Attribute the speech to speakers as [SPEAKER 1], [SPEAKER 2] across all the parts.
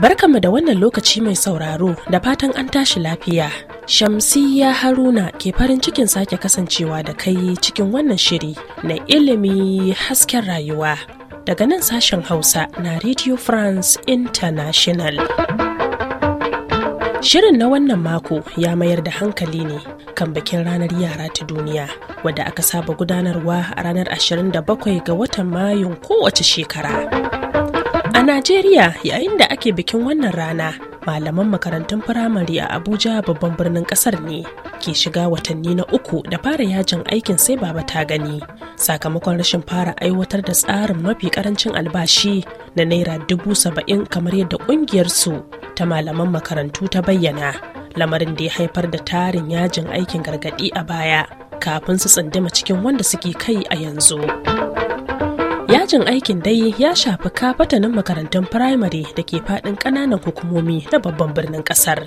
[SPEAKER 1] Barkanmu da wannan lokaci mai sauraro da fatan an tashi lafiya. Shamsiyya Haruna ke farin cikin sake kasancewa da kai cikin wannan shiri na ilimi hasken rayuwa. Daga nan sashen Hausa na Radio France International. Shirin na wannan mako ya mayar da hankali ne kan bikin ranar yara ta duniya wadda aka saba gudanarwa a ranar 27 ga watan Mayun kowace shekara. A Najeriya yayin da ake bikin wannan rana, malaman makarantun firamare a Abuja babban birnin kasar ne ke shiga watanni na uku da fara yajin aikin sai baba ta gani sakamakon rashin fara aiwatar da tsarin mafi karancin albashi na naira dubu saba'in kamar yadda kungiyar ta malaman makarantu ta bayyana lamarin da ya haifar da tarin yajin aikin gargadi a baya kafin su tsindima cikin wanda suke kai a yanzu. Yajin aikin dai ya shafi kafatanin makarantun firamare da ke faɗin ƙananan hukumomi na babban birnin ƙasar.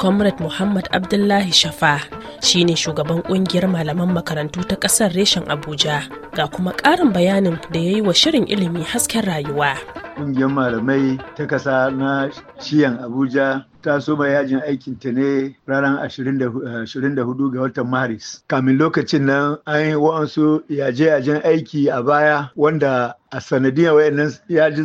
[SPEAKER 1] Comrade Muhammad Abdullahi Shafa shine shugaban ƙungiyar malaman makarantu ta ƙasar reshen Abuja ga kuma ƙarin bayanin da ya yi wa shirin ilimi hasken rayuwa.
[SPEAKER 2] ƙungiyar malamai ta kasa na shiyan Abuja ta soma yajin aikin ta ne ranar 24 eh, ga watan Maris. Kamin lokacin nan an yi wa'ansu yaje-yajen aiki a baya wanda a sanadiyar wayannan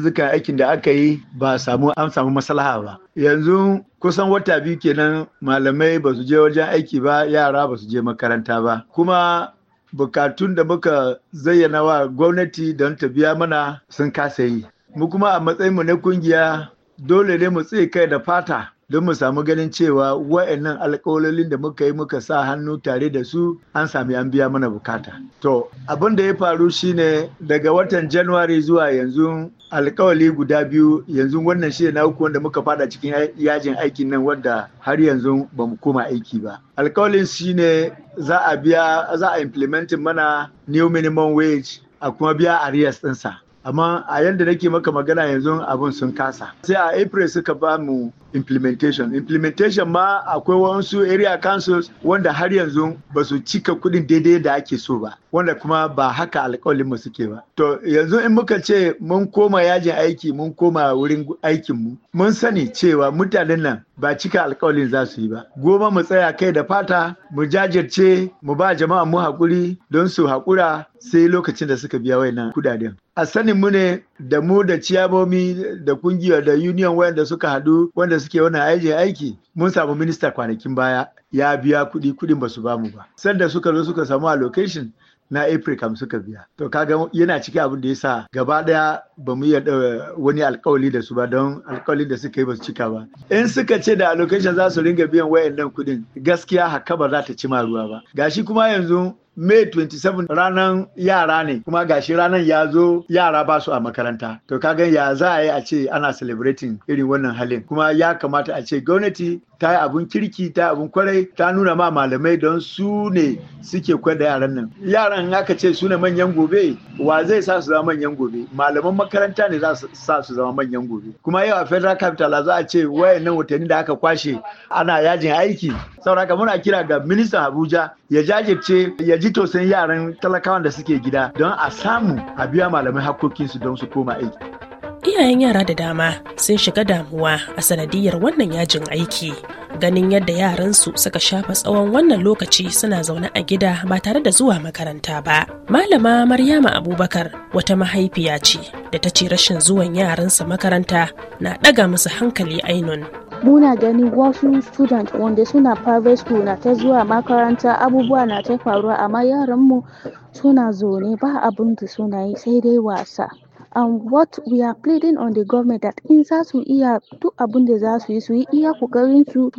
[SPEAKER 2] zuka aikin da aka yi ba samu an samu maslaha ba. Yanzu kusan wata biyu kenan malamai ba su je wajen aiki ba yara ba su je makaranta ba. Kuma bukatun da muka zayyana wa gwamnati don ta biya mana sun kasa yi mu kuma a mu na kungiya dole ne mu tsaye kai da fata don mu samu ganin cewa wa'annan alƙawalolin da muka yi muka sa hannu tare da su an sami an biya mana bukata. To, abin da ya faru shine daga watan Januwari zuwa yanzu alƙawali guda biyu yanzu wannan shi na uku wanda muka fada cikin yajin aikin nan wanda har yanzu ba mu koma aiki ba. Alkawalin shine za a biya za a implementin mana new minimum wage a kuma biya arrears ɗinsa. amma a yanda nake maka magana yanzu abin sun kasa sai a april suka ba mu implementation implementation ma akwai wasu area councils wanda har yanzu ba su cika kudin daidai da ake so ba wanda kuma ba haka mu suke ba to yanzu in muka ce mun koma yajin aiki mun koma wurin aikin mu mun sani cewa mutanen nan ba cika alkawalin za su yi ba goma mu tsaya kai da fata mu jajirce mu ba jama'a mu haƙuri don su haƙura sai lokacin da suka biya wayannan kudaden a sanin mu ne da mu da ciyamomi da kungiya da union wanda suka hadu wanda suke wannan aiki aiki mun samu minista kwanakin baya ya biya kuɗi kuɗin ba su bamu ba sanda suka zo suka samu allocation na kam suka biya to kaga yana ciki abin da ya sa gaba daya ba mu iya wani alkawali da su ba don alkawali da suka yi ba su cika ba in suka ce da allocation za su ringa biyan wayan wayannan kuɗin gaskiya haka ba za ta ci ma ruwa ba gashi kuma yanzu May 27 ranar yara ne kuma gashi ranan ya zo yara ba su a makaranta. To kaga ya za a yi a ce ana celebrating irin wannan halin kuma ya kamata a ce gwamnati ta yi abun kirki ta yi abun kwarai ta nuna ma malamai don su ne suke kwada yaran nan yaran aka ce su ne manyan gobe wa zai sa su zama manyan gobe malaman makaranta ne za su sa su zama manyan gobe kuma yau a federal capital za a ce wayan nan watanni da aka kwashe ana yajin aiki sauraka muna kira ga ministan abuja ya jajirce ya ji tausayin yaran talakawan da suke gida don a samu a biya malamai hakokinsu don su koma aiki.
[SPEAKER 1] Iyayen yara da dama sun shiga damuwa a sanadiyar wannan yajin aiki. Ganin yadda yaransu suka shafa tsawon wannan lokaci suna zaune a gida ba tare da zuwa makaranta ba. Malama Maryama Abubakar wata mahaifiya ce da ta ce rashin zuwan yaransa makaranta na ɗaga musu hankali ainun.
[SPEAKER 3] muna gani wasu student wanda suna private school na ta zuwa makaranta abubuwa na ta faruwa amma yaranmu suna zaune ba abin da suna yi sai dai wasa and what we are pleading on the government that in za su iya duk abin da za su yi su yi iya kokarin su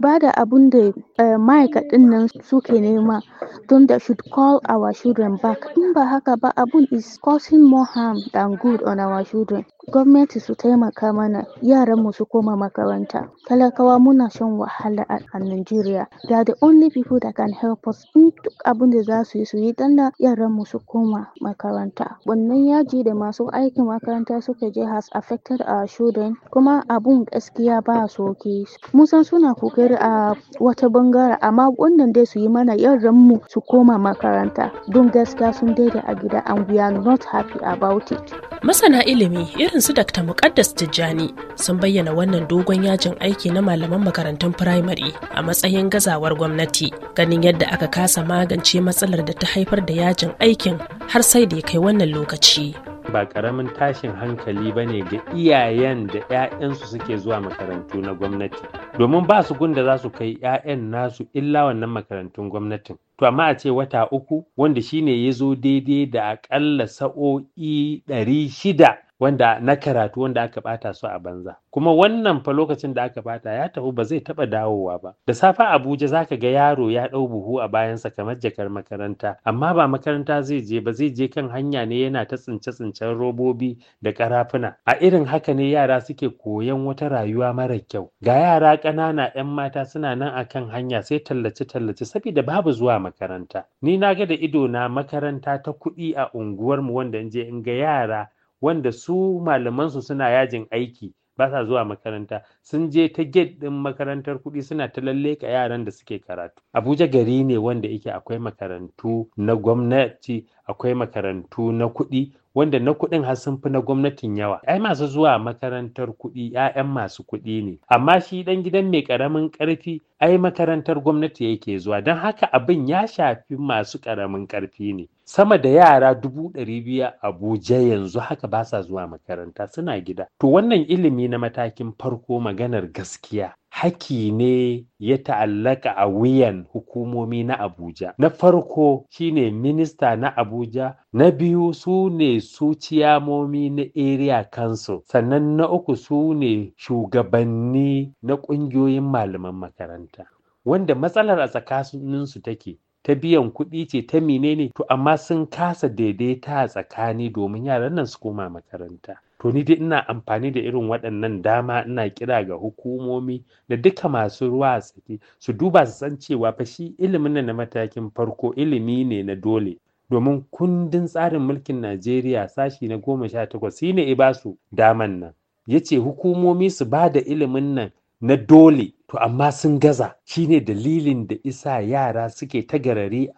[SPEAKER 3] ba da abin da eh, ma'aikatan nan suke nema don that should call our children back in ba haka ba abun is causing more harm than good on our children gwamnati su taimaka mana yaran mu su koma makaranta. Talakawa muna shan wahala a Najeriya. They are the only people that can help us in duk abin da za su yi su yi don yaran mu su koma makaranta. Wannan yaji da masu aikin makaranta suka je has affected our children kuma abun gaskiya ba ke Mun san suna kokari a wata bangare amma wannan dai su yi mana yaran mu su koma makaranta. Don gaskiya sun daida a gida and we are not happy about it.
[SPEAKER 1] Masana ilimi irinsu su Dr. Muqaddas Tijjani sun bayyana wannan dogon yajin aiki na malaman makarantun firamare a matsayin gazawar gwamnati ganin yadda aka kasa magance matsalar da ta haifar da yajin aikin har sai da ya kai wannan lokaci.
[SPEAKER 4] Ba ƙaramin tashin hankali ba ne ga iyayen da 'ya'yansu suke zuwa makarantu na gwamnati, domin ba su gunda za su kai 'ya'yan nasu illa wannan makarantun gwamnatin. to amma a ce wata uku wanda shine ya zo daidai da akalla sa'o'i ɗari shida wanda na karatu wanda aka bata su a banza kuma wannan fa lokacin da aka bata ya tafi ba zai taba dawowa ba da safa abuja zaka ga yaro ya dau buhu a bayansa kamar jakar makaranta amma ba makaranta zai je ba zai je kan hanya ne yana ta tsince tsincen robobi da karafuna a irin haka ne yara suke koyan wata rayuwa mara kyau ga yara ƙanana 'yan mata suna nan akan hanya sai tallace tallace saboda babu zuwa makaranta ni na ga da ido na makaranta ta kuɗi a unguwarmu wanda in je in ga yara wanda su malamansu suna yajin aiki ba sa zuwa makaranta sun je ta gate ɗin makarantar kuɗi suna ta ka yaran da suke karatu abuja gari ne wanda yake akwai makarantu na gwamnati akwai makarantu na kuɗi wanda na kuɗin har sun fi na gwamnatin yawa ai masu zuwa makarantar kuɗi ƴaƴan masu kuɗi ne amma shi ɗan gidan mai ƙaramin ƙarfi ai makarantar gwamnati yake zuwa don haka abin ya shafi masu ƙaramin ƙarfi ne sama da yara dubu ɗari biyu abuja yanzu haka ba sa zuwa makaranta suna gida to wannan ilimi na matakin farko maganar gaskiya haki ne ya ta'allaka a wuyan hukumomi na Abuja. Na farko shine minista na Abuja, na biyu su ne su ciyamomi na area council, sannan na uku su ne shugabanni na ƙungiyoyin malaman makaranta. Wanda matsalar a tsakaninsu take, ta biyan kuɗi ce ta menene to amma sun kasa daidaita a tsakani domin yaran nan su koma makaranta. to ni dai ina amfani da irin waɗannan dama ina kira ga hukumomi da duka masu ruwa a tsaki su duba su san cewa fa shi ilimin na matakin farko ilimi ne na dole domin kundin tsarin mulkin Najeriya sashi na goma sha takwas shine ne ba su daman nan ya ce hukumomi su ba da ilimin nan na dole to amma sun gaza shine dalilin da isa yara suke tagarari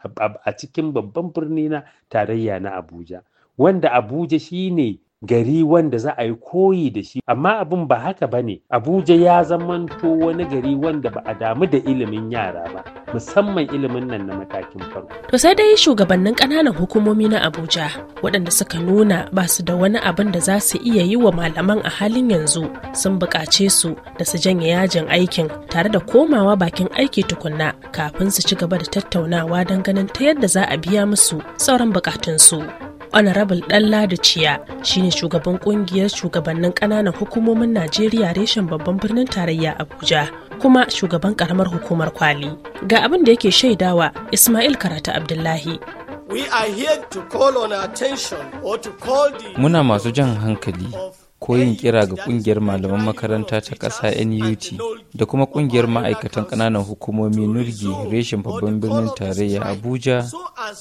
[SPEAKER 4] a cikin babban birni na tarayya na Abuja wanda Abuja shine gari wanda za a yi koyi da shi amma abin ba haka ba ne abuja ya zamanto wani gari wanda ba a damu da ilimin yara ba musamman ilimin nan na matakin farko
[SPEAKER 1] to sai dai shugabannin ƙananan hukumomi na abuja waɗanda suka nuna ba su da wani abin da za su iya yi wa malaman a halin yanzu sun buƙace su da su janye yajin aikin tare da komawa bakin aiki tukunna kafin su ci gaba da tattaunawa don ganin ta yadda za a biya musu sauran buƙatunsu. honorable da ciya shine shugaban kungiyar shugabannin ƙananan hukumomin najeriya reshen babban birnin tarayya abuja kuma shugaban karamar hukumar kwali ga abin da yake shaidawa ismail karata abdullahi
[SPEAKER 4] Muna masu jan hankali ko yin kira ga kungiyar malaman makaranta ta ƙasa NUT da kuma kungiyar ma'aikatan ƙananan hukumomi NURGI reshen babban birnin tarayya Abuja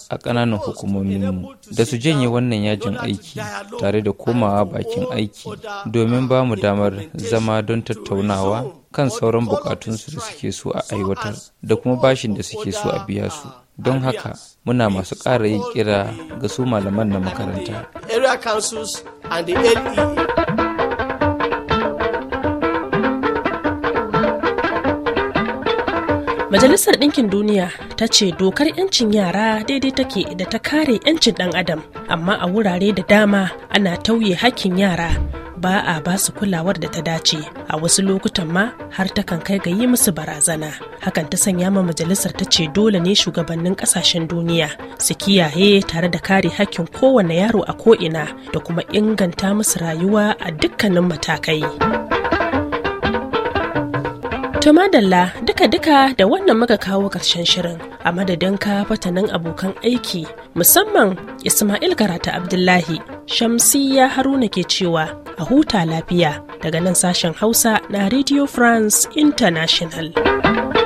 [SPEAKER 4] a ƙananan hukumominmu da su janye wannan yajin aiki tare da komawa bakin aiki domin ba mu damar zama don tattaunawa kan sauran bukatunsu da suke so a aiwatar da kuma bashin da suke so a biya su don haka muna masu ƙara yin kira ga su malaman na
[SPEAKER 2] makaranta.
[SPEAKER 1] majalisar ɗinkin duniya ta ce dokar 'yancin yara daidai take da ta kare 'yancin ɗan adam amma a wurare da dama ana tauye hakkin yara ba a ba su kulawar da ta dace a wasu lokutan ma har ta kan kai ga yi musu barazana hakan ta sanya ma majalisar ta ce dole ne shugabannin ƙasashen duniya su kiyaye tare da kare hakkin kowane yaro a ko'ina da kuma inganta musu rayuwa a dukkanin matakai. To madalla duka-duka da wannan muka kawo ƙarshen shirin a madadin ka fatanin abokan aiki musamman Ismail Karata Abdullahi Shamsiyya Haruna ke cewa a huta lafiya daga nan sashen Hausa na Radio France International.